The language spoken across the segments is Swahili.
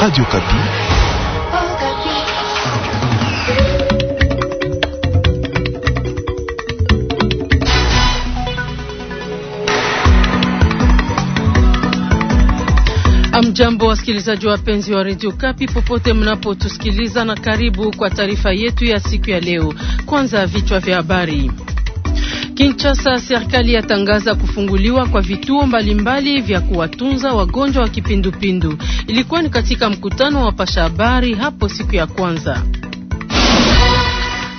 Radio Kapi. Amjambo, wasikilizaji wapenzi wa Radio Kapi popote mnapotusikiliza, na karibu kwa taarifa yetu ya siku ya leo. Kwanza vichwa vya habari. Kinshasa, serikali yatangaza kufunguliwa kwa vituo mbalimbali vya kuwatunza wagonjwa wa kipindupindu. Ilikuwa ni katika mkutano wa pasha habari hapo siku ya kwanza.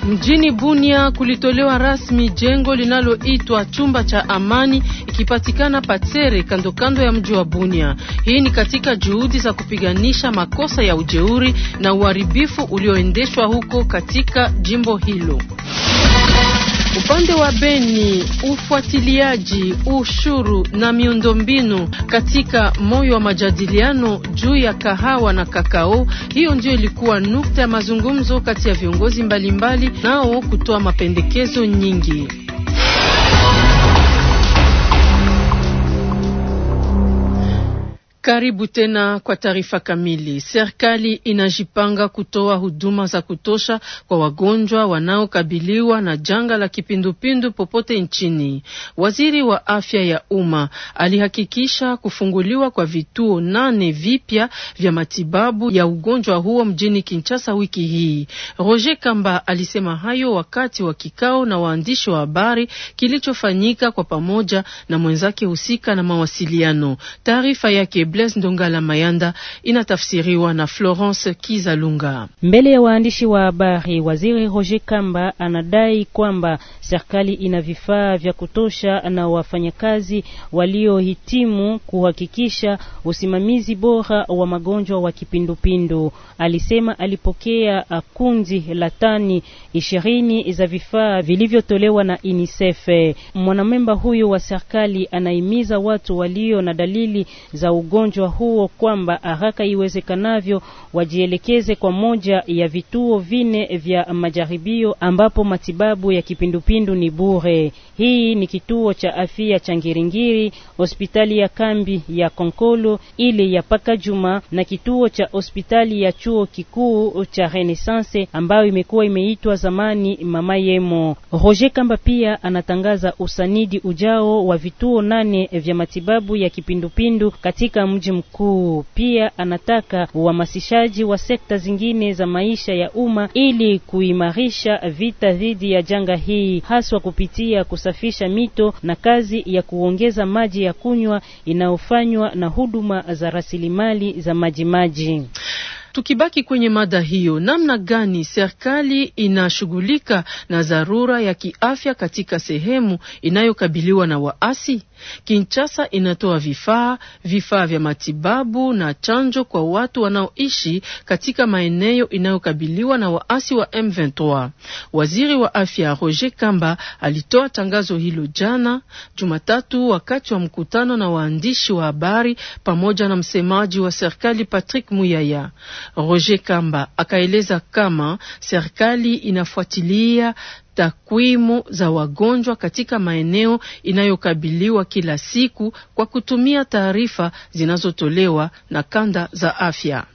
Mjini Bunia kulitolewa rasmi jengo linaloitwa chumba cha amani ikipatikana Patsere kando kando ya mji wa Bunia. Hii ni katika juhudi za kupiganisha makosa ya ujeuri na uharibifu ulioendeshwa huko katika jimbo hilo. Upande wa Beni, ufuatiliaji ushuru na miundombinu katika moyo wa majadiliano juu ya kahawa na kakao. Hiyo ndio ilikuwa nukta ya mazungumzo kati ya viongozi mbalimbali, nao kutoa mapendekezo nyingi. Karibu tena kwa taarifa kamili. Serikali inajipanga kutoa huduma za kutosha kwa wagonjwa wanaokabiliwa na janga la kipindupindu popote nchini. Waziri wa afya ya umma alihakikisha kufunguliwa kwa vituo nane vipya vya matibabu ya ugonjwa huo mjini Kinshasa wiki hii. Roger Kamba alisema hayo wakati wa kikao na waandishi wa habari kilichofanyika kwa pamoja na mwenzake husika na mawasiliano. Taarifa yake Blaise Ndongala Mayanda inatafsiriwa na Florence Kizalunga. Mbele ya waandishi wa habari, waziri Roger Kamba anadai kwamba serikali ina vifaa vya kutosha na wafanyakazi waliohitimu kuhakikisha usimamizi bora wa magonjwa wa kipindupindu. Alisema alipokea kundi la tani ishirini za vifaa vilivyotolewa na UNICEF. Mwanamemba huyu wa serikali anahimiza watu walio na dalili za ugonjwa ugonjwa huo kwamba haraka iwezekanavyo wajielekeze kwa moja ya vituo vine vya majaribio ambapo matibabu ya kipindupindu ni bure. Hii ni kituo cha afya cha Ngiringiri, hospitali ya kambi ya Konkolo, ile ya paka juma na kituo cha hospitali ya chuo kikuu cha Renaissance ambayo imekuwa imeitwa zamani Mama Yemo. Roger Kamba pia anatangaza usanidi ujao wa vituo nane vya matibabu ya kipindupindu katika mji mkuu. Pia anataka uhamasishaji wa sekta zingine za maisha ya umma ili kuimarisha vita dhidi ya janga hii, haswa kupitia kusafisha mito na kazi ya kuongeza maji ya kunywa inayofanywa na huduma za rasilimali za majimaji. Tukibaki kwenye mada hiyo, namna gani serikali inashughulika na dharura ya kiafya katika sehemu inayokabiliwa na waasi? Kinshasa inatoa vifaa, vifaa vya matibabu na chanjo kwa watu wanaoishi katika maeneo inayokabiliwa na waasi wa M23. Waziri wa afya Roger Kamba alitoa tangazo hilo jana Jumatatu wakati wa mkutano na waandishi wa habari pamoja na msemaji wa serikali Patrick Muyaya. Roger Kamba akaeleza kama serikali inafuatilia takwimu za wagonjwa katika maeneo inayokabiliwa kila siku kwa kutumia taarifa zinazotolewa na kanda za afya.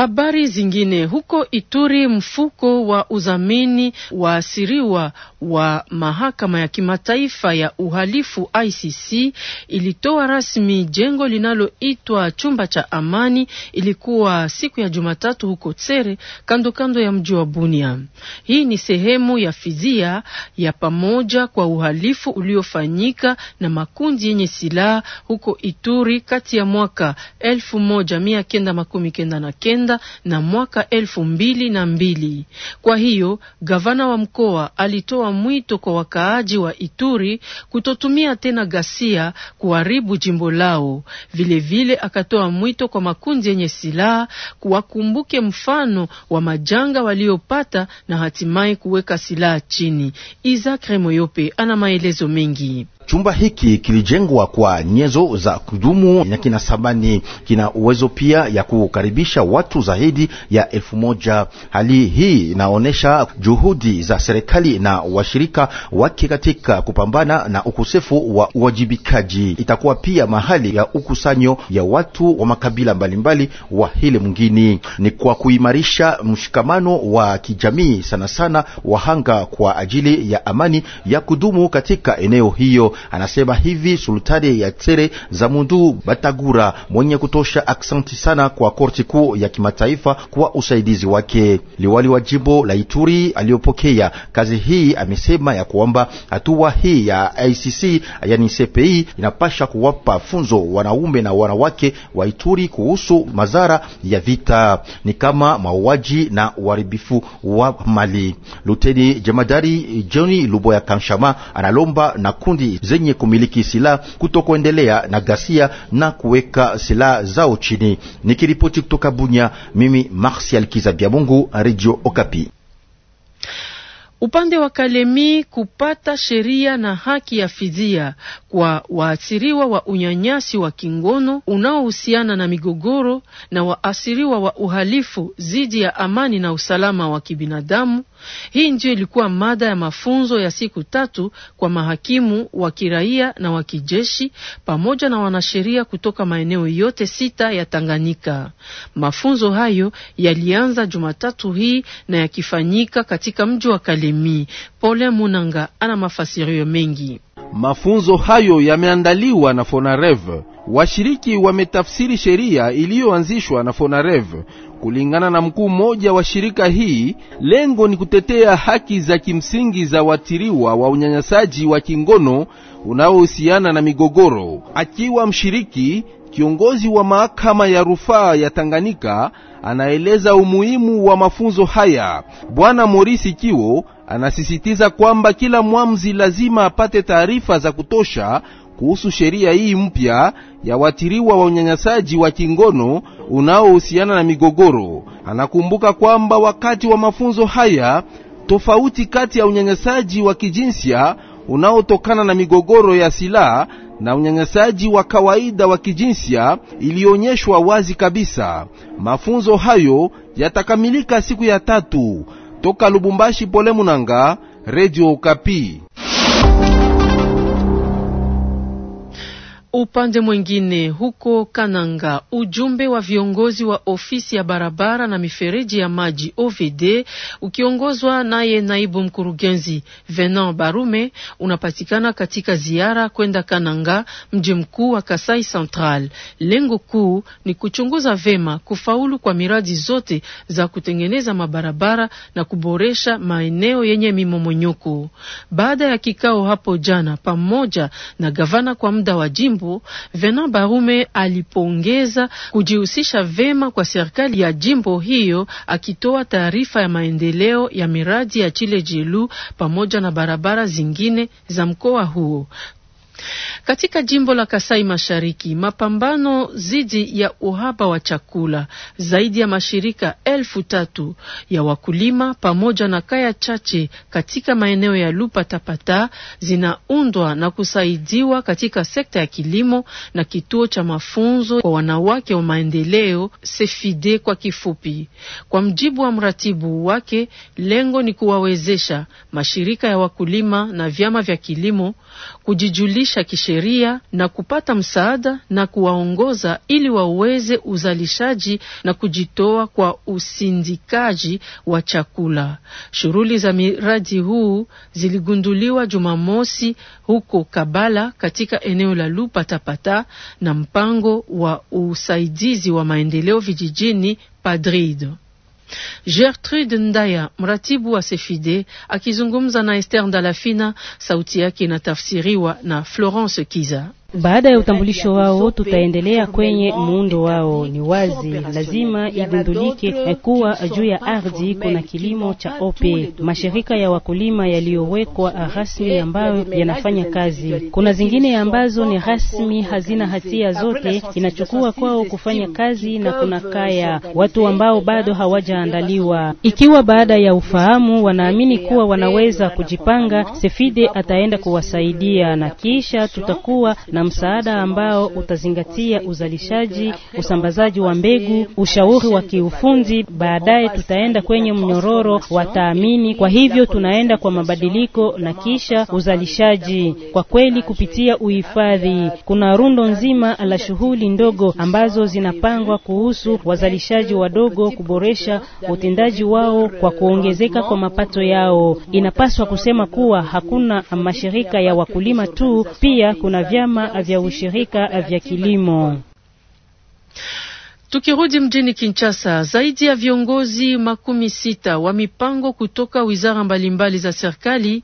Habari zingine huko Ituri, mfuko wa udhamini asiriwa wa mahakama ya kimataifa ya uhalifu ICC ilitoa rasmi jengo linaloitwa chumba cha amani. Ilikuwa siku ya Jumatatu huko Tsere, kando kando ya mji wa Bunia. Hii ni sehemu ya fidia ya pamoja kwa uhalifu uliofanyika na makundi yenye silaha huko Ituri kati ya mwaka elfu moja mia kenda makumi kenda na kenda Uganda na mwaka elfu mbili na mbili. Kwa hiyo gavana wa mkoa alitoa mwito kwa wakaaji wa Ituri kutotumia tena ghasia kuharibu jimbo lao. Vilevile vile akatoa mwito kwa makundi yenye silaha kuwakumbuke mfano wa majanga waliopata na hatimaye kuweka silaha chini. Isaac Remoyope ana maelezo mengi. Chumba hiki kilijengwa kwa nyenzo za kudumu na kina samani, kina uwezo pia ya kukaribisha watu zaidi ya elfu moja. Hali hii inaonyesha juhudi za serikali na washirika wake katika kupambana na ukosefu wa uwajibikaji. Itakuwa pia mahali ya ukusanyo ya watu wa makabila mbalimbali mbali wa hili mwingine, ni kwa kuimarisha mshikamano wa kijamii, sana sana wahanga kwa ajili ya amani ya kudumu katika eneo hiyo anasema hivi sultani ya Tere za Mundu Batagura mwenye kutosha aksanti sana kwa korti kuu ya kimataifa kwa usaidizi wake. Liwali wa jimbo la Ituri aliyopokea kazi hii amesema ya kwamba hatua hii ya ICC yani CPI e, inapasha kuwapa funzo wanaume na wanawake wa Ituri kuhusu madhara ya vita ni kama mauaji na uharibifu wa mali. Luteni jemadari Johnny Luboya Kanshama analomba na kundi zenye kumiliki silaha kutokuendelea na ghasia na kuweka silaha zao chini. Nikiripoti kutoka Bunya, mimi Martial Kizabia Mungu, Radio Okapi. Upande wa Kalemi kupata sheria na haki ya fidia kwa waathiriwa wa unyanyasi wa kingono unaohusiana na migogoro na waathiriwa wa uhalifu dhidi ya amani na usalama wa kibinadamu hii ndio ilikuwa mada ya mafunzo ya siku tatu kwa mahakimu wa kiraia na wa kijeshi pamoja na wanasheria kutoka maeneo yote sita ya Tanganyika. Mafunzo hayo yalianza Jumatatu hii na yakifanyika katika mji wa Kalemi. Pole Munanga ana mafasirio mengi. Mafunzo hayo yameandaliwa na Fonarev. Washiriki wametafsiri sheria iliyoanzishwa na Fonareve. Kulingana na mkuu mmoja wa shirika hii, lengo ni kutetea haki za kimsingi za watiriwa wa unyanyasaji wa kingono unaohusiana na migogoro. Akiwa mshiriki, kiongozi wa mahakama ya rufaa ya Tanganyika anaeleza umuhimu wa mafunzo haya. Bwana Morisi Kiwo Anasisitiza kwamba kila mwamzi lazima apate taarifa za kutosha kuhusu sheria hii mpya ya watiriwa wa unyanyasaji wa kingono unaohusiana na migogoro. Anakumbuka kwamba wakati wa mafunzo haya tofauti kati ya unyanyasaji wa kijinsia unaotokana na migogoro ya silaha na unyanyasaji wa kawaida wa kijinsia ilionyeshwa wazi kabisa. Mafunzo hayo yatakamilika siku ya tatu. Toka Lubumbashi, Pole Munanga, Radio Okapi. Upande mwingine huko Kananga, ujumbe wa viongozi wa ofisi ya barabara na mifereji ya maji OVD ukiongozwa naye naibu mkurugenzi venan Barume unapatikana katika ziara kwenda Kananga, mji mkuu wa Kasai Central. Lengo kuu ni kuchunguza vema kufaulu kwa miradi zote za kutengeneza mabarabara na kuboresha maeneo yenye mimomonyoko. Baada ya kikao hapo jana pamoja na gavana kwa muda wa jimbo jimbo Venant Barume alipongeza kujihusisha vema kwa serikali ya jimbo hiyo, akitoa taarifa ya maendeleo ya miradi ya Chile Jelu pamoja na barabara zingine za mkoa huo. Katika jimbo la Kasai Mashariki, mapambano dhidi ya uhaba wa chakula, zaidi ya mashirika elfu tatu ya wakulima pamoja na kaya chache katika maeneo ya Lupa Tapata zinaundwa na kusaidiwa katika sekta ya kilimo na kituo cha mafunzo kwa wanawake wa maendeleo Sefide kwa kifupi. Kwa mjibu wa mratibu wake, lengo ni kuwawezesha mashirika ya wakulima na vyama vya kilimo kujijulisha kish sheria na kupata msaada na kuwaongoza ili waweze uzalishaji na kujitoa kwa usindikaji wa chakula. Shughuli za miradi huu ziligunduliwa Jumamosi huko Kabala katika eneo la lupa tapata na mpango wa usaidizi wa maendeleo vijijini Padrido. Gertrude Ndaya, mratibu wa Sefide, akizungumza na Esther Ndalafina, sauti yake inatafsiriwa na Florence Kiza. Baada ya utambulisho wao, tutaendelea kwenye muundo wao. Ni wazi lazima igundulike kuwa juu ya ardhi kuna kilimo cha ope. Mashirika ya wakulima yaliyowekwa rasmi ambayo yanafanya kazi, kuna zingine ambazo ni rasmi hazina hatia zote, inachukua kwao kufanya kazi, na kuna kaya watu ambao bado hawajaandaliwa. Ikiwa baada ya ufahamu wanaamini kuwa wanaweza kujipanga, Sefide ataenda kuwasaidia na kisha tutakuwa na na msaada ambao utazingatia uzalishaji, usambazaji wa mbegu, ushauri wa kiufundi. Baadaye tutaenda kwenye mnyororo wa taamini. Kwa hivyo tunaenda kwa mabadiliko na kisha uzalishaji. Kwa kweli, kupitia uhifadhi, kuna rundo nzima la shughuli ndogo ambazo zinapangwa kuhusu wazalishaji wadogo kuboresha utendaji wao kwa kuongezeka kwa mapato yao. Inapaswa kusema kuwa hakuna mashirika ya wakulima tu, pia kuna vyama vya ushirika vya kilimo. Tukirudi mjini Kinshasa, zaidi ya viongozi makumi sita wa mipango kutoka wizara mbalimbali za serikali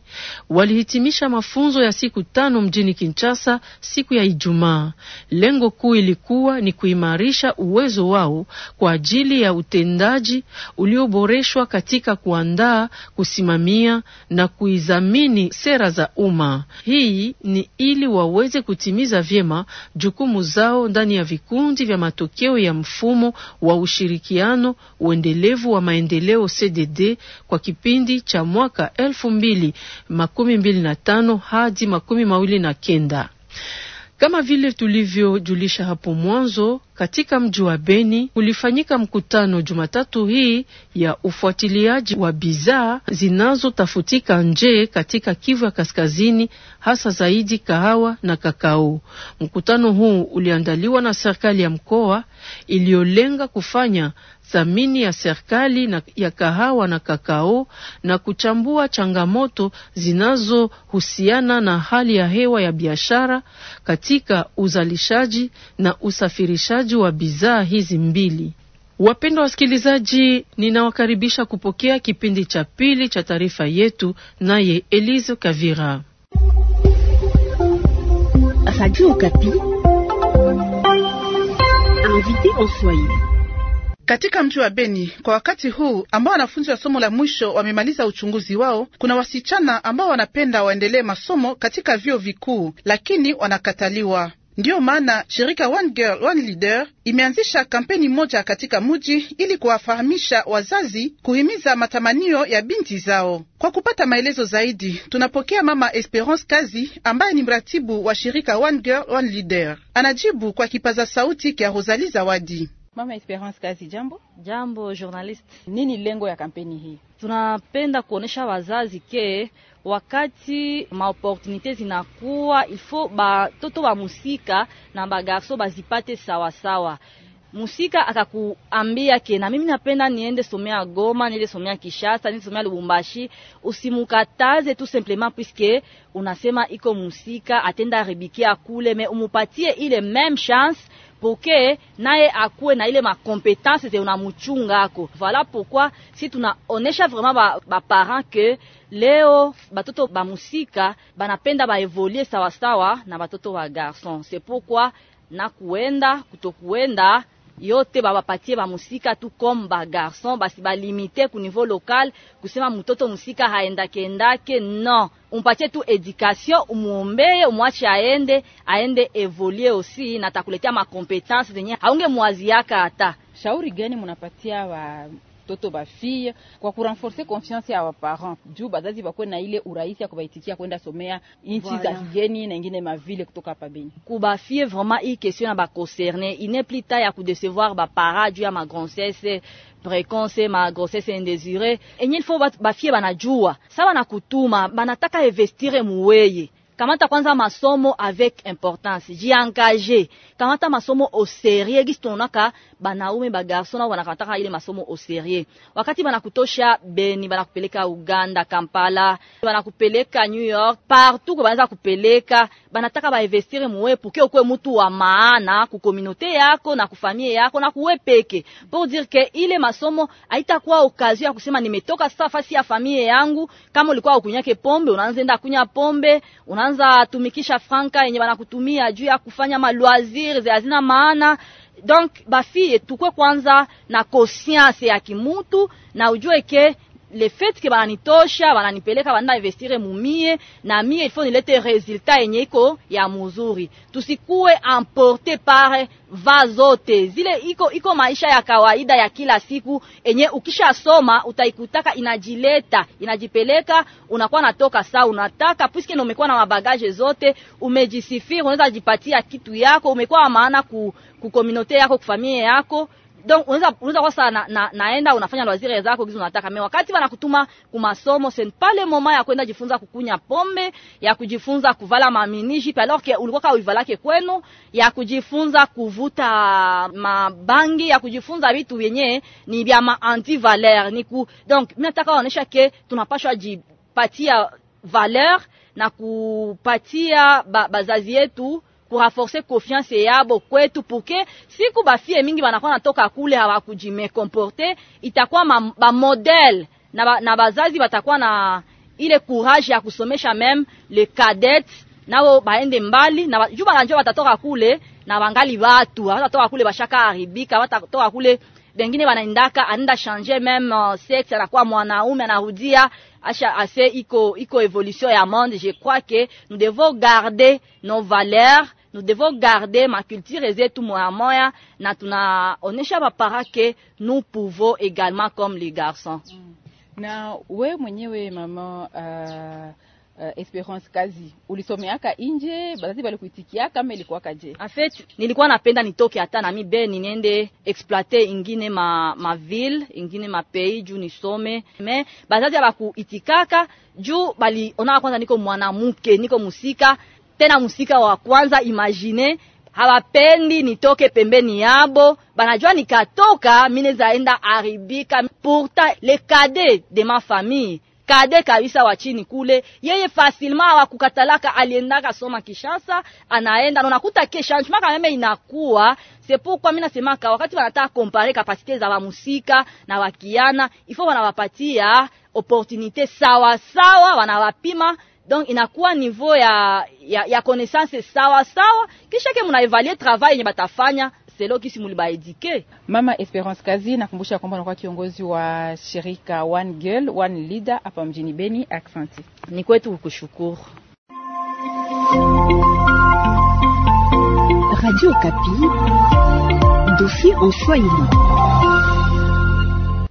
walihitimisha mafunzo ya siku tano mjini Kinshasa siku ya Ijumaa. Lengo kuu ilikuwa ni kuimarisha uwezo wao kwa ajili ya utendaji ulioboreshwa katika kuandaa, kusimamia na kuidhamini sera za umma. Hii ni ili waweze kutimiza vyema jukumu zao ndani ya vikundi vya matokeo ya mf mfumo wa ushirikiano uendelevu wa maendeleo CDD kwa kipindi cha mwaka elfu mbili makumi mbili na tano hadi makumi mawili na kenda. Kama vile tulivyojulisha hapo mwanzo, katika mji wa Beni ulifanyika mkutano Jumatatu hii ya ufuatiliaji wa bidhaa zinazotafutika nje katika Kivu ya Kaskazini, hasa zaidi kahawa na kakao. Mkutano huu uliandaliwa na serikali ya mkoa iliyolenga kufanya thamini ya serikali na ya kahawa na kakao na kuchambua changamoto zinazohusiana na hali ya hewa ya biashara katika uzalishaji na usafirishaji wa bidhaa hizi mbili. Wapendwa wasikilizaji, ninawakaribisha kupokea kipindi cha pili cha taarifa yetu, naye Elize Kavira. Radio Okapi invité en Swahili katika mji wa Beni kwa wakati huu ambao wanafunzi wa somo la mwisho wamemaliza uchunguzi wao, kuna wasichana ambao wanapenda waendelee masomo katika vyuo vikuu, lakini wanakataliwa. Ndiyo maana shirika One Girl One Leader imeanzisha kampeni moja katika mji ili kuwafahamisha wazazi kuhimiza matamanio ya binti zao. Kwa kupata maelezo zaidi, tunapokea mama Esperance Kazi ambaye ni mratibu wa shirika One Girl One Leader. Anajibu kwa kipaza sauti kya Rosalie Zawadi. Mama Esperance Kazi, jambo. Jambo journalist. Nini lengo ya kampeni hii? Tunapenda kuonesha wazazi ke wakati maoportunite zinakuwa ilfo batoto ba musika na bagarso bazipate sawasawa. Musika akakuambia ke na mimi napenda niende somea Goma, niende somea Kishasa, niende somea Lubumbashi, usimukataze tu simplement puisque unasema iko musika atenda ribikia kule, me umupatie ile même chance apokee naye akuwe na ile makompetence ze unamuchungako. voila pokwa si tunaonesha vraiment ba, ba parent ke leo batoto ba musika banapenda baevolue sawasawa na batoto ba garçon Se pokwa na kuenda kutokuenda yote babapatie bamusika tu comme ba garçon, basi balimite ku niveau local kusema mtoto musika haendake endake. No, umpatie tu education, umuombee, umwache aende aende evolue aussi, na takuletea makompetence zenye haunge mwaziaka. Hata shauri gani munapatia wa watoto bafie kwa kurenforce confiance ya waparent juu bazazi bakwe na ile urahisi ya kubaitikia kwenda somea inchi voilà, za kigeni na ingine mavile kutoka hapa Beni kubafie vraiment hii question na bakonserne ineplita ya kudecevoir bapara juu ya magrossesse precoce ma grossesse indesiree enye ilifo bafie banajua sa banakutuma banataka investire muweye kamata kwanza masomo avec importance, jiengage, kamata masomo au serie. Gisi tunaonaka banaume bagarson nao wanakataka ile masomo au serie, wakati banakutosha Beni, banakupeleka Uganda, Kampala, banakupeleka New York, partout banaweza kupeleka, banataka bainvestire muwe pour que ukwe wa maana ku communauté yako na ku yako na kuwe peke, pour dire que ile masomo haitakuwa occasion ya kusema nimetoka sasa fasi ya familia yangu, kama ulikuwa ukunyake pombe unaanza enda kunya pombe una wanaanza tumikisha franka yenye wanakutumia juu ya kufanya malwaziri hazina maana. Donc bafie tukwe kwanza na conscience ya kimutu na ujue ke le fait ke bananitosha bananipeleka banda investire mumie na mie faut nilete resultat yenye iko ya muzuri, tusikuwe emporte par va zote zile iko, iko maisha ya kawaida ya kila siku enye ukishasoma utaikutaka inajileta inajipeleka, unakuwa natoka saa unataka puisque ndio umekuwa na mabagaje zote, umejisifia, unaweza jipatia kitu yako, umekuwa maana ku, ku yako, ku yako donc unaweza unaweza kwa sana na, naenda unafanya waziri zako gizo unataka, mimi wakati wanakutuma kumasomo sen pale moma ya kwenda jifunza kukunya pombe ya kujifunza kuvala maminiji alors que ulikuwa ka uivalake kwenu ya kujifunza kuvuta mabangi ya kujifunza vitu vyenye ni vya ma anti valeur ni ku, donc mimi nataka waonesha ke tunapashwa jipatia valeur na kupatia ba, bazazi yetu kurafforce confiance yabo kwetu, puke siku bafie mingi banakuwa natoka kule hawakujimekomporte, itakuwa bamodele na, ba, na bazazi batakuwa na ile courage ya kusomesha meme le cadet nabo baende mbali na juu banajua batatoka kule na bangali batu watatoka kule bashaka haribika, watatoka kule bengine banaendaka anaenda changer meme uh, sexe, anakuwa mwanaume anarudia asha ase iko iko evolution ya monde. Je crois que nous devons garder nos valeurs Nous devons garder makulture zetu moya moya, na tunaonesha bapara ke nous pouvons également comme les garçons. Mm. Na we mwenyewe mama euh, uh... Esperance kazi ulisomeaka nje, bazazi balikuitikia kama ilikuwaka je? En fait nilikuwa napenda nitoke hata nami Beni niende exploiter ingine ma, ma ville ingine ma pays juu nisome, me bazazi abakuitikaka juu balionaka kwanza niko mwanamke niko musika tena musika wa kwanza imagine hawapendi nitoke pembeni yabo, banajua nikatoka minezaenda aribika. Pourtant le cade de ma famille kade kabisa wa chini kule, yeye fasilma wa kukatalaka, aliendaka soma Kishasa, anaenda na nakuta ke changement meme inakuwa c'est pourquoi mimi nasema ka wakati wanataka compare capacité za wa musika na wakiana, ifo wanawapatia opportunité sawa sawa, wanawapima donc inakuwa niveau ya, ya, ya connaissance sawa sawa, kisha ke munaevalie travail yenye batafanya selo kisi mulibaedike. Mama Esperance Kazi nakumbusha kwamba anakuwa kiongozi wa shirika One Girl One Leader hapa mjini Beni. Aksanti, ni kwetu kukushukuru. Radio Kapi, dossier en Swahili.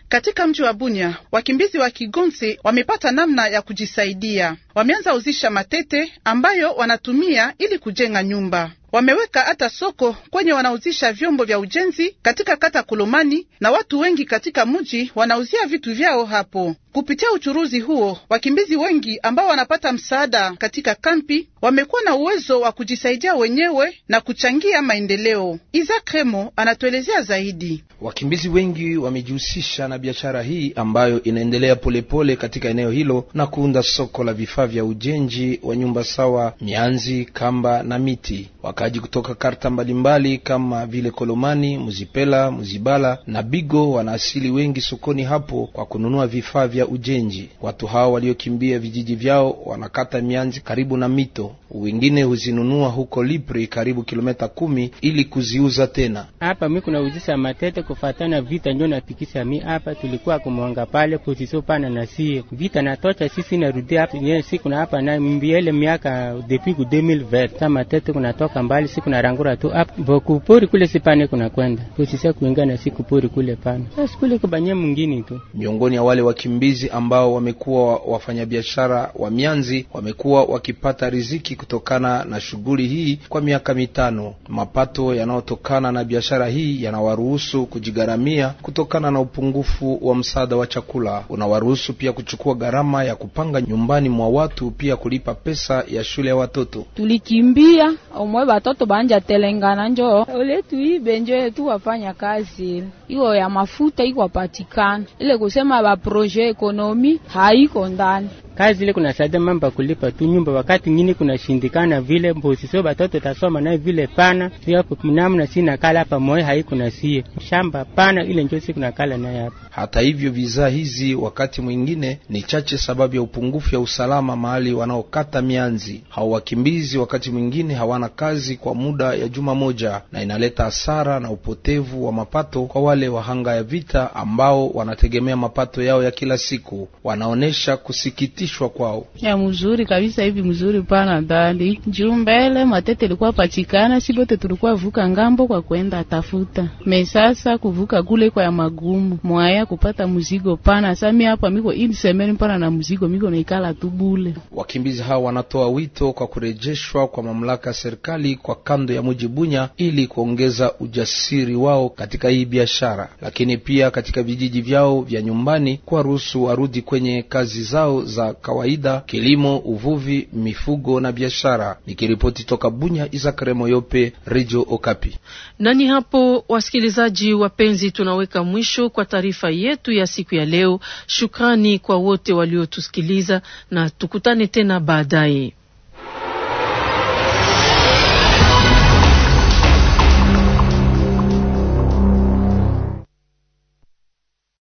Katika mji wa Bunya wakimbizi wa Kigonse wamepata namna ya kujisaidia wameanza uzisha matete ambayo wanatumia ili kujenga nyumba. Wameweka hata soko kwenye wanauzisha vyombo vya ujenzi katika kata Kulomani, na watu wengi katika mji wanauzia vitu vyao hapo. Kupitia uchuruzi huo, wakimbizi wengi ambao wanapata msaada katika kampi wamekuwa na uwezo wa kujisaidia wenyewe na kuchangia maendeleo. Isaac Remo anatuelezea zaidi. Wakimbizi wengi wamejihusisha na biashara hii ambayo inaendelea polepole pole katika eneo hilo na kuunda soko la vifaa vifaa vya ujenzi wa nyumba sawa mianzi, kamba na miti. wakaji kutoka karta mbalimbali kama vile Kolomani, Muzipela, Muzibala na Bigo wanaasili wengi sokoni hapo kwa kununua vifaa vya ujenzi. Watu hao waliokimbia vijiji vyao wanakata mianzi karibu na mito, wengine huzinunua huko Lipri, karibu kilomita kumi ili kuziuza tena. Hapa mi uzisa matete kufatana vita ndio napikisha mi hapa, tulikuwa kumwanga pale kuzisopana na sie vita natocha sisi, narudia hapa si kuna hapa na mbiele miaka depuis 2020 kama tete kuna toka mbali, si kuna rangura tu hapa boku bokupori kule sipane kuna kwenda tusisa kuingana siku kupori kule pana sasa kule kubanye mwingine tu. Miongoni ya wale wakimbizi ambao wamekuwa wafanyabiashara wa mianzi wamekuwa wakipata riziki kutokana na shughuli hii kwa miaka mitano. Mapato yanayotokana na biashara hii yanawaruhusu kujigaramia kutokana na upungufu wa msaada wa chakula, unawaruhusu pia kuchukua gharama ya kupanga nyumbani mwa watu pia kulipa pesa ya shule ya watoto. Tulikimbia omwe watoto banja telengana njo ibe njo wafanya kazi iyo ya mafuta ikwapatikana, ile kusema ba projet ekonomi haiko ndani kazi ile kunasaidia mambo ya kulipa tu nyumba, wakati ngine kunashindikana vile mbosi, sio batoto tasoma naye vile pana ndio hapo na sina kala hapa moyo haiku na sie shamba pana ile njoo siku kala naye hapa. Hata hivyo vizaa hizi wakati mwingine ni chache, sababu ya upungufu ya usalama mahali wanaokata mianzi. Hao wakimbizi wakati mwingine hawana kazi kwa muda ya juma moja, na inaleta hasara na upotevu wa mapato kwa wale wahanga ya vita ambao wanategemea mapato yao ya kila siku, wanaonesha kusikitika kuhusishwa kwao. Ya mzuri kabisa hivi mzuri pana ndani juu mbele matete ilikuwa patikana, sibote tulikuwa vuka ngambo kwa kwenda tafuta me. Sasa kuvuka kule kwa ya magumu mwaya kupata mzigo pana. sami hapa miko ili semeni pana na mzigo miko naikala tu bule. Wakimbizi hao wanatoa wito kwa kurejeshwa kwa mamlaka ya serikali kwa kando ya mji Bunya ili kuongeza ujasiri wao katika hii biashara, lakini pia katika vijiji vyao vya nyumbani kwa ruhusu warudi kwenye kazi zao za kawaida, kilimo, uvuvi, mifugo na biashara. Nikiripoti toka Bunya, Izakare Moyope, Radio Okapi. Nani hapo, wasikilizaji wapenzi, tunaweka mwisho kwa taarifa yetu ya siku ya leo. Shukrani kwa wote waliotusikiliza na tukutane tena baadaye.